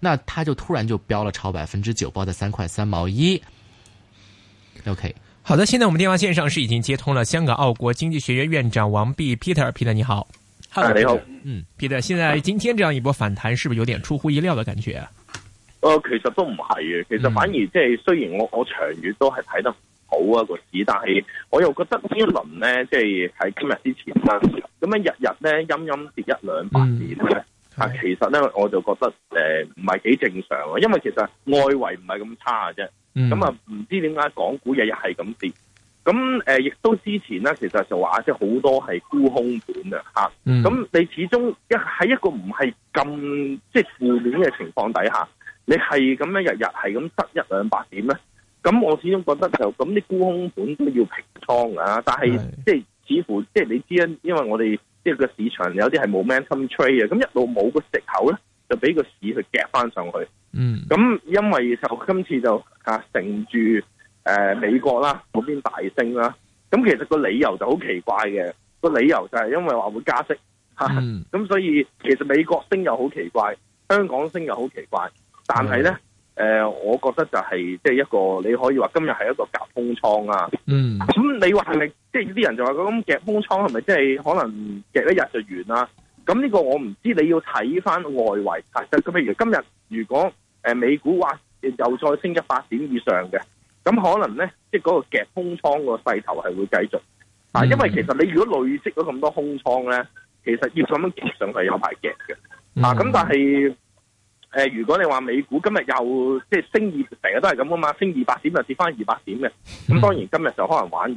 那他就突然就飆了超百分之九，包的三塊三毛一，okay。OK，好的，現在我們電話線上是已經接通了香港澳國經濟學院院長王弼 Peter，Peter Peter, 你好，Hello 你好，嗯，Peter，現在今天這樣一波反彈，是不是有點出乎意料的感覺？呃、啊、其實都唔係嘅，其實反而即、就、係、是，嗯、雖然我我長遠都係睇得唔好啊，個市，但係我又覺得呢一輪咧，即係喺今日之前啦，咁樣日日呢，陰陰跌一兩百點其實咧我就覺得誒唔係幾正常啊，因為其實外圍唔係咁差嘅啫，咁啊唔知點解港股日日係咁跌，咁誒亦都之前咧其實就話即係好多係沽空盤嘅吓，咁你始終一喺一個唔係咁即係負面嘅情況底下，你係咁樣日日係咁得一兩百點咧，咁我始終覺得就咁啲沽空盤都要平倉啊，但係即係似乎即係你知因因為我哋。即係個市場有啲係冇 momentum trade 嘅，咁一路冇個食口咧，就俾個市去夾翻上去。嗯，咁因為就今次就啊乘住誒美國啦嗰邊大升啦，咁其實個理由就好奇怪嘅，個理由就係因為話會加息吓，咁、嗯、 所以其實美國升又好奇怪，香港升又好奇怪，但係咧誒，我覺得就係即係一個你可以話今日係一個夾空倉啊。嗯。你話係咪即係啲人就話咁種夾空倉係咪即係可能夾一日就完啦、啊？咁呢個我唔知你要睇翻外圍啊。咁譬如今日如果誒、呃、美股話又再升一百點以上嘅，咁可能咧即係嗰個夾空倉個勢頭係會繼續啊。因為其實你如果累積咗咁多空倉咧，其實要咁樣夾上係有排夾嘅、嗯、啊。咁但係。誒、呃，如果你話美股今日又即係升二，成日都係咁啊嘛，升二百點就跌翻二百點嘅，咁當然今日就可能玩完。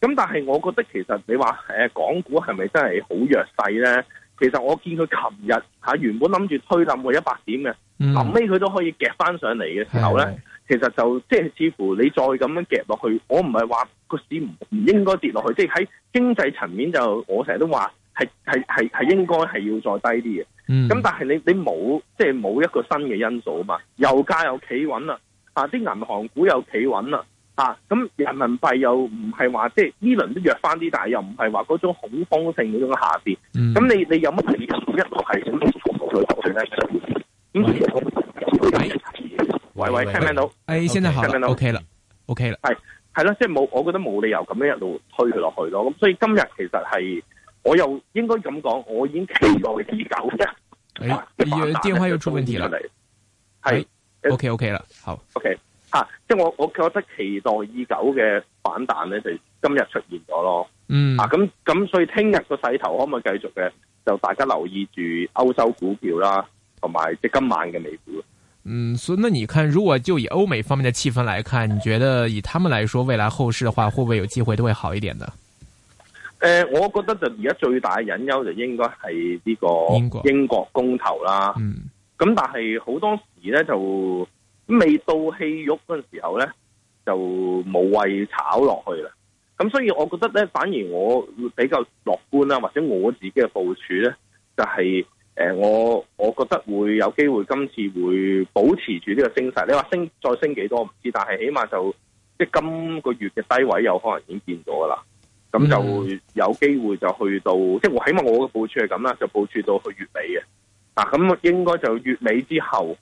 咁但係我覺得其實你話誒、呃，港股係咪真係好弱勢咧？其實我見佢琴日吓原本諗住推冧過一百點嘅，臨尾佢都可以夾翻上嚟嘅時候咧，其實就即係似乎你再咁樣夾落去，我唔係話個市唔唔應該跌落去，即係喺經濟層面就我成日都話。係係係應該係要再低啲嘅，咁、嗯、但係你你冇即係冇一個新嘅因素啊嘛，油價又企穩啦，啊啲銀行股又企穩啦，咁、啊嗯、人民幣又唔係話即係呢輪都弱翻啲，但係又唔係話嗰種恐慌性嗰種下跌，咁、嗯、你你有乜理由一路係咁推落去，喂、嗯、喂聽唔聽到？誒，現在好 OK 啦，OK 啦，係係咯，即係冇，我覺得冇理由咁樣一路推佢落去咯，咁所以今日其實係。我又應該咁講，我已經期待依九啫。誒、哎 哎，電話又出問題啦，係、哎、OK OK 啦，好 OK 吓、啊，即係我我覺得期待已久嘅反彈咧，就今日出現咗咯。嗯，啊咁咁，那那所以聽日個勢頭可唔可以繼續嘅？就大家留意住歐洲股票啦，同埋即係今晚嘅美股。嗯，所以那你看，如果就以歐美方面嘅氣氛來看，你覺得以他們來說，未來後市的話，會不會有機會都會好一點呢？誒、呃，我覺得就而家最大嘅隱憂就應該係呢個英國公投啦。嗯，咁但係好多時咧，就未到戲肉嗰陣時候咧，就冇謂炒落去啦。咁所以我覺得咧，反而我比較樂觀啦，或者我自己嘅部署咧，就係、是、誒、呃，我我覺得會有機會今次會保持住呢個升勢。你話升再升幾多唔知，但係起碼就即係今個月嘅低位有可能已經變咗噶啦。咁就有機會就去到，即係我起碼我嘅部署係咁啦，就部署到去月尾嘅。咁、啊、應該就月尾之後，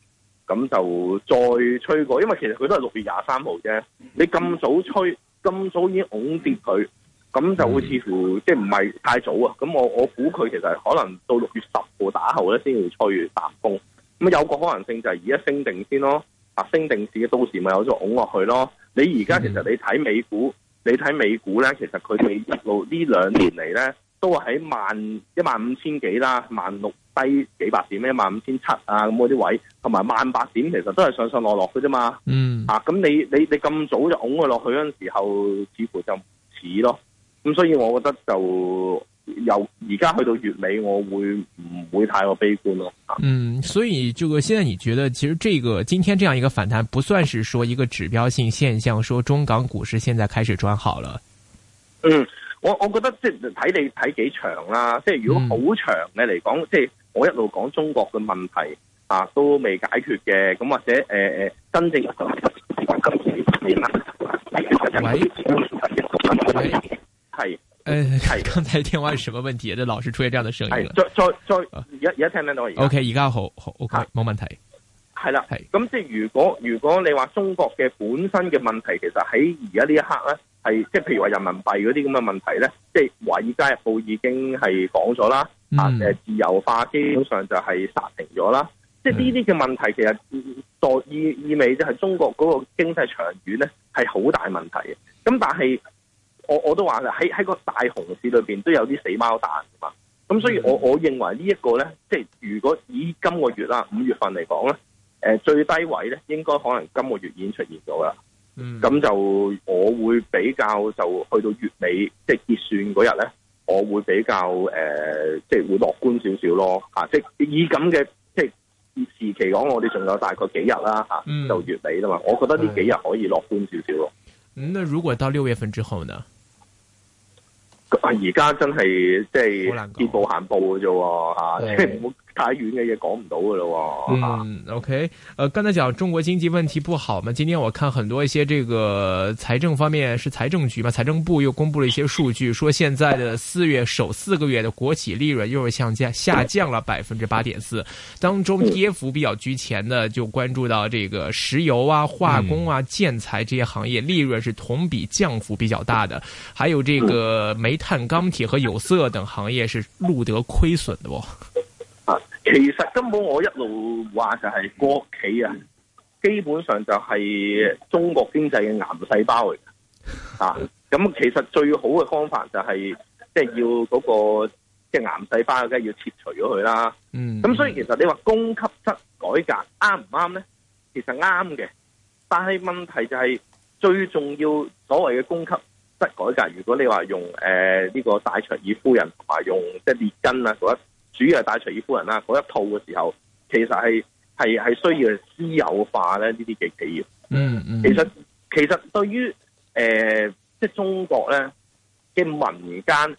咁就再吹過。因為其實佢都係六月廿三號啫，你咁早吹，咁、mm -hmm. 早已經拱跌佢，咁就會似乎、mm -hmm. 即係唔係太早啊。咁我我估佢其實可能到六月十號打後咧，先會吹打風。咁有個可能性就係而家升定先咯，升定市嘅到時咪有咗拱落去咯。你而家其實你睇美股。Mm -hmm. 你睇美股咧，其實佢一路呢兩年嚟咧，都喺萬一萬五千幾啦，萬六低幾百點，一萬五千七啊，咁嗰啲位，同埋萬八點，其實都係上上落落嘅啫嘛。嗯，啊，咁你你你咁早就拱佢落去嗰陣時候，似乎就唔似咯。咁所以我覺得就。由而家去到月尾，我會唔會太過悲觀咯？嗯，所以，就個現在你覺得，其實這個今天這樣一個反彈，不算是說一個指標性現象，說中港股市現在開始轉好了。嗯，我我覺得即係睇你睇幾長啦、啊，即係如果好長嘅嚟講，即係我一路講中國嘅問題啊，都未解決嘅，咁或者誒誒、呃，真正係，剛才電話係什麼問題？啲老是出現這樣的聲音的。再再再，而家而家聽聽到我而家？O K，而家好好 O K，冇問題。係啦，係。咁即係如果如果你話中國嘅本身嘅問,問題，其實喺而家呢一刻咧，係即係譬如話人民幣嗰啲咁嘅問題咧，即係華爾街日報已經係講咗啦，啊、嗯、誒自由化基本上就係剎停咗啦、嗯。即係呢啲嘅問題，其實意意,意味即係中國嗰個經濟長遠咧係好大問題嘅。咁但係。我我都話啦，喺喺個大熊市裏邊都有啲死貓彈嘛。咁所以我我認為這呢一個咧，即係如果以今個月啦，五月份嚟講咧，誒、呃、最低位咧應該可能今個月已經出現咗啦。咁就我會比較就去到月尾即係結算嗰日咧，我會比較誒、呃、即係會樂觀少少咯。嚇，即係以咁嘅即係時期講，我哋仲有大概幾日啦嚇，就月尾啦嘛。我覺得呢幾日可以樂觀少少咯。咁、嗯嗯嗯，如果到六月份之後呢？啊，而家真係即係見步行步噶啫喎，嚇！啊太遠嘅嘢講唔到噶咯、啊、嗯，嗯，OK，呃，剛才講中國經濟問題不好嘛？今天我看很多一些這個財政方面是財政局嘛，財政部又公布了一些數據，說現在的四月首四個月的國企利潤又是下降，下降了百分之八點四，當中跌幅比較居前的就關注到這個石油啊、化工啊、建材這些行業利潤是同比降幅比較大的，還有這個煤炭、鋼鐵和有色等行業是錄得虧損的喎、哦？啊，其實根本我一路話就係國企啊，基本上就係中國經濟嘅癌細胞嚟嘅。啊，咁、啊、其實最好嘅方法就係即係要嗰、嗰個即係癌細胞，梗係要切除咗佢啦。嗯，咁所以其實你話供給側改革啱唔啱咧？其實啱嘅，但係問題就係、是、最重要的所謂嘅供給側改革，如果你話用誒呢、呃這個戴卓爾夫人同埋用即係列根啊一主要係戴卓爾夫人啦，嗰一套嘅時候，其實係係係需要私有化咧呢啲嘅企業。嗯、mm、嗯 -hmm.，其實其實對於誒、呃，即係中國咧嘅民間，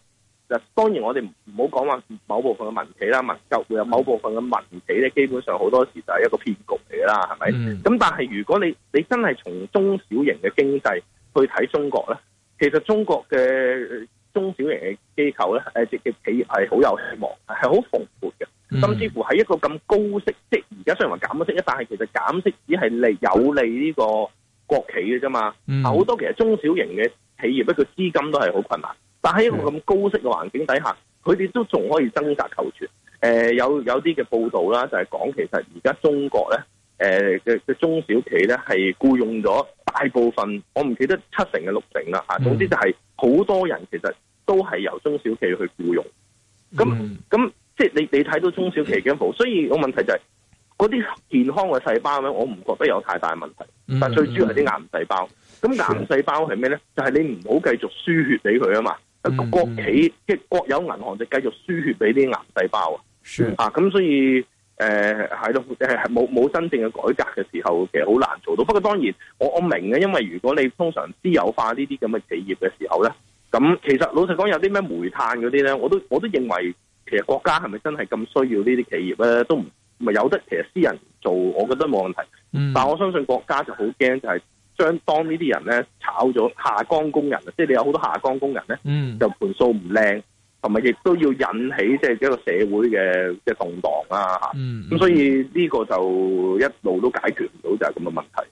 就當然我哋唔好講話某部分嘅民企啦，民就會有某部分嘅民企咧，基本上好多時就係一個騙局嚟㗎啦，係咪？咁、mm -hmm. 但係如果你你真係從中小型嘅經濟去睇中國咧，其實中國嘅。中小型嘅機構咧，誒、呃、嘅企業係好有希望，係好蓬勃嘅。甚至乎喺一個咁高息，即係而家雖然話減息咧，但係其實減息只係利有利呢個國企嘅啫嘛。好、嗯、多其實中小型嘅企業，不過資金都係好困難，但喺一個咁高息嘅環境底下，佢哋都仲可以掙扎求存。誒、呃、有有啲嘅報道啦，就係講其實而家中國咧，誒嘅嘅中小企咧係僱用咗。大部分我唔記得七成嘅六成啦嚇，總之就係好多人其實都係由中小企去僱用，咁咁即係你你睇到中小企嘅一步，所以個問題就係嗰啲健康嘅細胞咧，我唔覺得有太大嘅問題，但最主要係啲癌細胞。咁癌細胞係咩咧？就係、是、你唔好繼續輸血俾佢啊嘛。國企即係國有銀行就繼續輸血俾啲癌細胞啊。啊咁所以。誒、呃，係咯，誒，係冇冇真正嘅改革嘅時候，其實好難做到。不過當然，我我明嘅，因為如果你通常私有化呢啲咁嘅企業嘅時候咧，咁其實老實講，有啲咩煤炭嗰啲咧，我都我都認為，其實國家係咪真係咁需要呢啲企業咧，都唔係有得其實私人做，我覺得冇問題。嗯，但我相信國家就好驚，就係將當呢啲人咧炒咗下崗工人，即、就、係、是、你有好多下崗工人咧，就盤數唔靚。嗯同埋亦都要引起即係一個社會嘅即係動蕩啦嚇，嗯，咁所以呢個就一路都解決唔到就係咁嘅問題。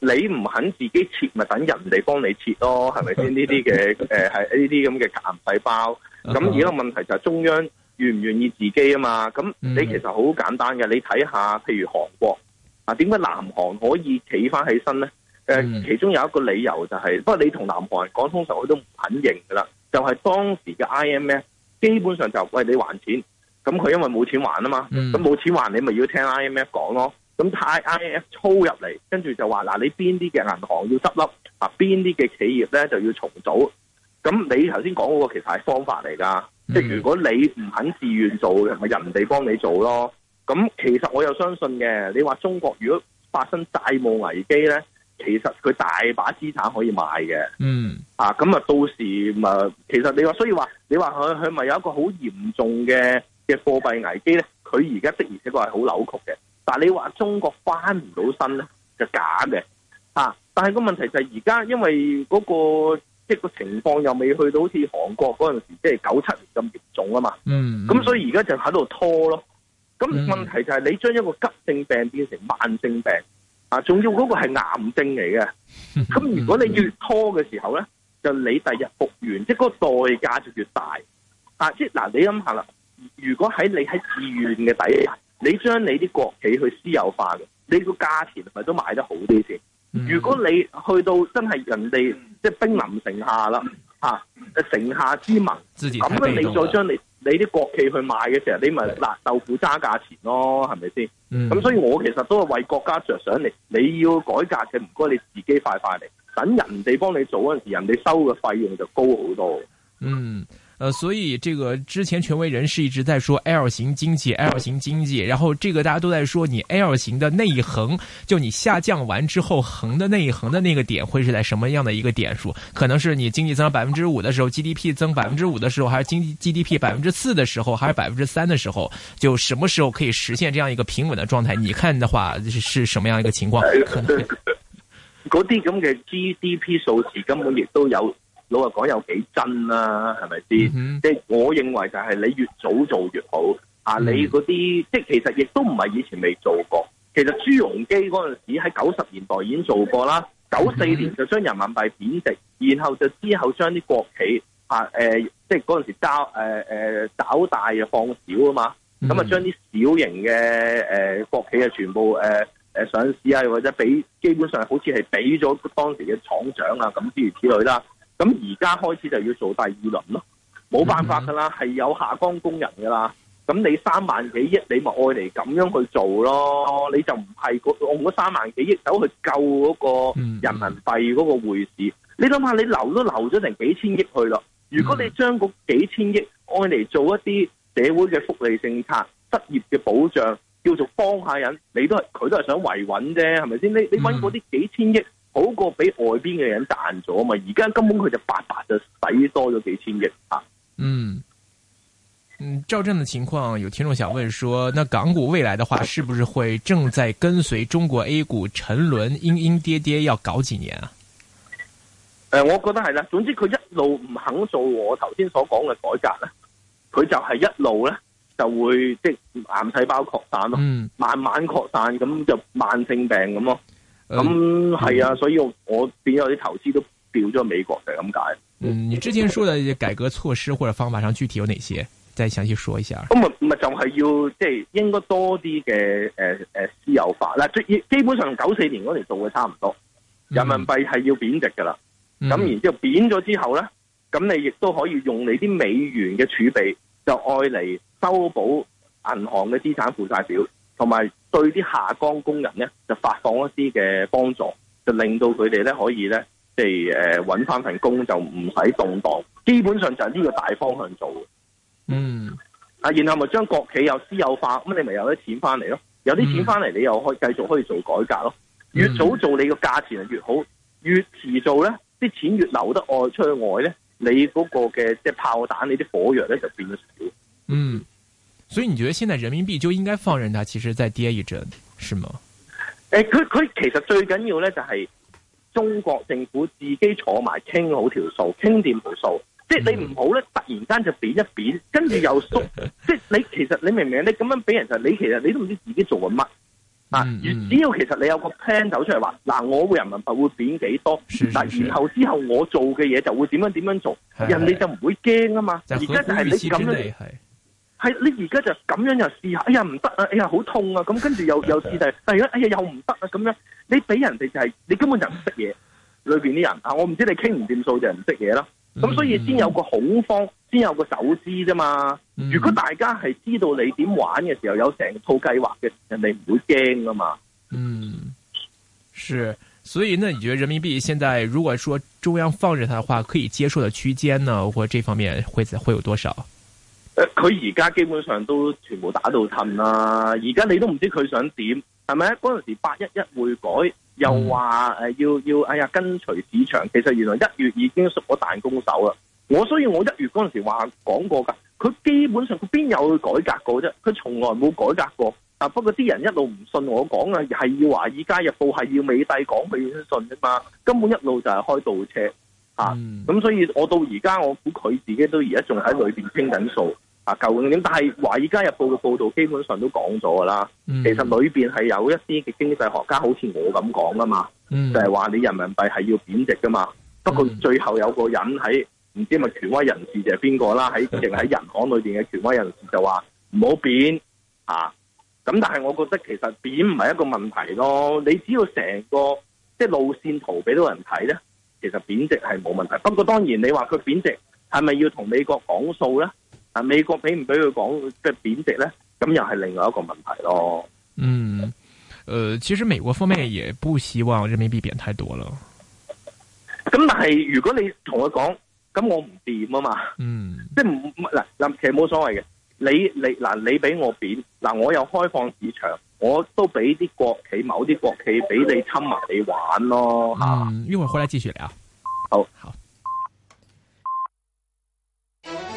你唔肯自己切，咪等人哋幫你切咯，係咪先呢啲嘅？誒， 係呢啲咁嘅癌細胞。咁而家個問題就係中央願唔願意自己啊嘛？咁你其實好簡單嘅，你睇下，譬如韓國啊，點解南韓可以企翻起身咧？誒、啊，其中有一個理由就係、是，不過你同南韓講，通常佢都唔肯認噶啦。就係、是、當時嘅 IMF 基本上就餵你還錢，咁佢因為冇錢還啊嘛，咁冇錢還你咪要聽 IMF 講咯。.咁太 I F 操入嚟，跟住就話嗱，你邊啲嘅銀行要執笠啊？邊啲嘅企業咧就要重組。咁你頭先講嗰個其實係方法嚟㗎，嗯，即係如果你唔肯自願做嘅，咪人哋幫你做咯。咁其實我又相信嘅，你話中國如果發生債務危機咧，其實佢大把資產可以賣嘅。嗯啊，咁啊到時啊，其實你話所以話你話佢佢咪有一個好嚴重嘅嘅貨幣危機咧？佢而家的而且確係好扭曲嘅。但係你話中國翻唔到身咧，就假嘅吓、啊。但係個問題就係而家，因為嗰、那個即係個情況又未去到好似韓國嗰陣時候，即係九七年咁嚴重啊嘛。咁、mm -hmm. 啊、所以而家就喺度拖咯。咁、啊、問題就係你將一個急性病變成慢性病啊，仲要嗰個係癌症嚟嘅。咁、啊、如果你越拖嘅時候咧，就你第日復原，即 係個代價就越大啊。即係嗱，你諗下啦，如果喺你喺自願嘅底下。你將你啲國企去私有化嘅，你個價錢咪都買得好啲先，嗯。如果你去到真係人哋即係兵臨城下啦，吓、啊，城下之盟，咁你再將你你啲國企去賣嘅時候，你咪拿豆腐渣價錢咯，係咪先？咁、嗯、所以，我其實都係為國家着想嚟，你要改革嘅唔該你自己快快嚟，等人哋幫你做嗰陣時，人哋收嘅費用就高好多。嗯。呃，所以這個之前權威人士一直在說 L 型經濟，L 型經濟，然後這個大家都在說你 L 型的那一橫，就你下降完之後橫的那一橫的那個點會是在什麼樣的一個點數？可能是你經濟增長百分之五的時候，GDP 增百分之五的時候，還是經濟 GDP 百分之四的時候，還是百分之三的時候？就什麼時候可以實現這樣一個平穩的狀態？你看的話是是什麼樣一個情況？可能，嗰啲咁嘅 GDP 數字根本亦都有。老實講、啊，有幾真啦，係咪先？即係我認為就係你越早做越好啊！你嗰啲即係其實亦都唔係以前未做過。其實朱鎔基嗰陣時喺九十年代已經做過啦。九四年就將人民幣貶值，然後就之後將啲國企啊，誒、呃，即係嗰陣時揸誒誒抓大放小啊嘛。咁啊，將啲小型嘅誒、呃、國企啊，全部誒誒、呃、上市啊，或者俾基本上好似係俾咗當時嘅廠長啊，咁諸如此類啦。咁而家開始就要做第二輪咯，冇辦法噶啦，係有下崗工人噶啦。咁你三萬幾億，你咪愛嚟咁樣去做咯，你就唔係用嗰三萬幾億走去救嗰個人民幣嗰個匯市。你諗下，你留都留咗成幾千億去咯。如果你將嗰幾千億愛嚟做一啲社會嘅福利政策、失業嘅保障，叫做幫下人，你都係，佢都係想維穩啫，係咪先？你你搵嗰啲幾千億？好過俾外邊嘅人彈咗嘛？而家根本佢就白白就使多咗幾千億啊！嗯嗯，照這樣的情況，有聽眾想問說，那港股未來的話，是不是會正在跟隨中國 A 股沉淪，陰陰跌跌，跌，要搞幾年啊？誒、呃，我覺得係啦。總之佢一路唔肯做我頭先所講嘅改革咧，佢就係一路咧就會即係癌細胞擴散咯、嗯，慢慢擴散，咁就慢性病咁咯。咁、嗯、係、嗯、啊，所以我變我變咗啲投資都掉咗美國，就係、是、咁解。嗯，你之前說嘅改革措施或者方法上具體有哪些？再詳細說一下。唔咪唔咪，就係、是、要即係、就是、應該多啲嘅誒誒私有化。嗱，最基本上九四年嗰年做嘅差唔多，人民幣係要貶值的、嗯、貶值噶啦。咁然之後貶咗之後咧，咁、嗯、你亦都可以用你啲美元嘅儲備，就愛嚟修補銀行嘅資產負債表。同埋對啲下崗工人咧，就發放一啲嘅幫助，就令到佢哋咧可以咧，即係誒揾翻份工，就唔使動盪。基本上就係呢個大方向做嘅。嗯。啊，然後咪將國企有私有化，咁你咪有啲錢翻嚟咯，有啲錢翻嚟，你又可以繼續可以做改革咯。越早做你個價錢就越好，越遲做咧，啲錢越留得外出去外咧，你嗰個嘅即係炮彈，你啲火藥咧就變咗少。嗯。所以你覺得現在人民幣就應該放任它，其實再跌一陣，是嗎？誒、呃，佢佢其實最緊要咧就係中國政府自己坐埋傾好條數，傾掂條數。嗯、即係你唔好咧，突然間就貶一貶，跟住又縮。 即係你其實你明唔明你咁樣俾人就你其實你都唔知自己做緊乜啊？只要其實你有個 plan 走出嚟話，嗱，我會人民幣會貶幾多是是是，但然後之後我做嘅嘢就會點樣點樣做，是是人哋就唔會驚啊嘛。而家就係你咁樣係。係你而家就咁樣就試下，哎呀唔得啊，哎呀好痛啊，咁跟住又又試就係，哎呀，哎呀又唔得啊，咁樣你俾人哋就係、是、你根本就唔識嘢，裏邊啲人啊，我唔知你傾唔掂數就唔識嘢啦。咁、嗯、所以先有個恐慌，先有個走資啫嘛。如果大家係知道你點玩嘅時候有成套計劃嘅，人哋唔會驚㗎嘛。嗯，是，所以呢，你覺得人民幣現在如果說中央放着它的話，可以接受的區間呢？或者這方面會會有多少？佢而家基本上都全部打到褪啦，而家你都唔知佢想點，係咪？嗰陣時八一一會改又話誒要要，哎呀，跟隨市場。其實原來一月已經縮咗彈弓手啦。我所以我一月嗰陣時話講過㗎，佢基本上佢邊有改革過啫，佢從來冇改革過。啊，不過啲人一路唔信我講啊，係要華爾街日報，係要美帝講佢先信啫嘛。根本一路就係開倒車嚇。咁、嗯啊、所以我現在，我到而家我估佢自己都而家仲喺裏邊傾緊數。啊，究竟但係華爾街日報嘅報道基本上都講咗噶啦，其實裏邊係有一啲嘅經濟學家，好似我咁講噶嘛，就係話你人民幣係要貶值噶嘛。不過最後有個人喺唔知係咪權威人士就係邊個啦，喺淨喺人行裏邊嘅權威人士就話唔好貶啊。咁但係我覺得其實貶唔係一個問題咯，你只要成個即係路線圖俾到人睇咧，其實貶值係冇問題。不過當然你話佢貶值係咪要同美國講數咧？啊！美國俾唔俾佢講，即係貶值咧？咁又係另外一個問題咯。嗯，誒、呃，其實美國方面也不希望人民幣貶太多咯。咁但係如果你同佢講，咁我唔掂啊嘛。嗯，即係嗱其實冇所謂嘅。你你嗱，你俾我貶嗱，我又開放市場，我都俾啲國企某啲國企俾你侵埋你玩咯。嗯，一會回來繼續聊。好，好。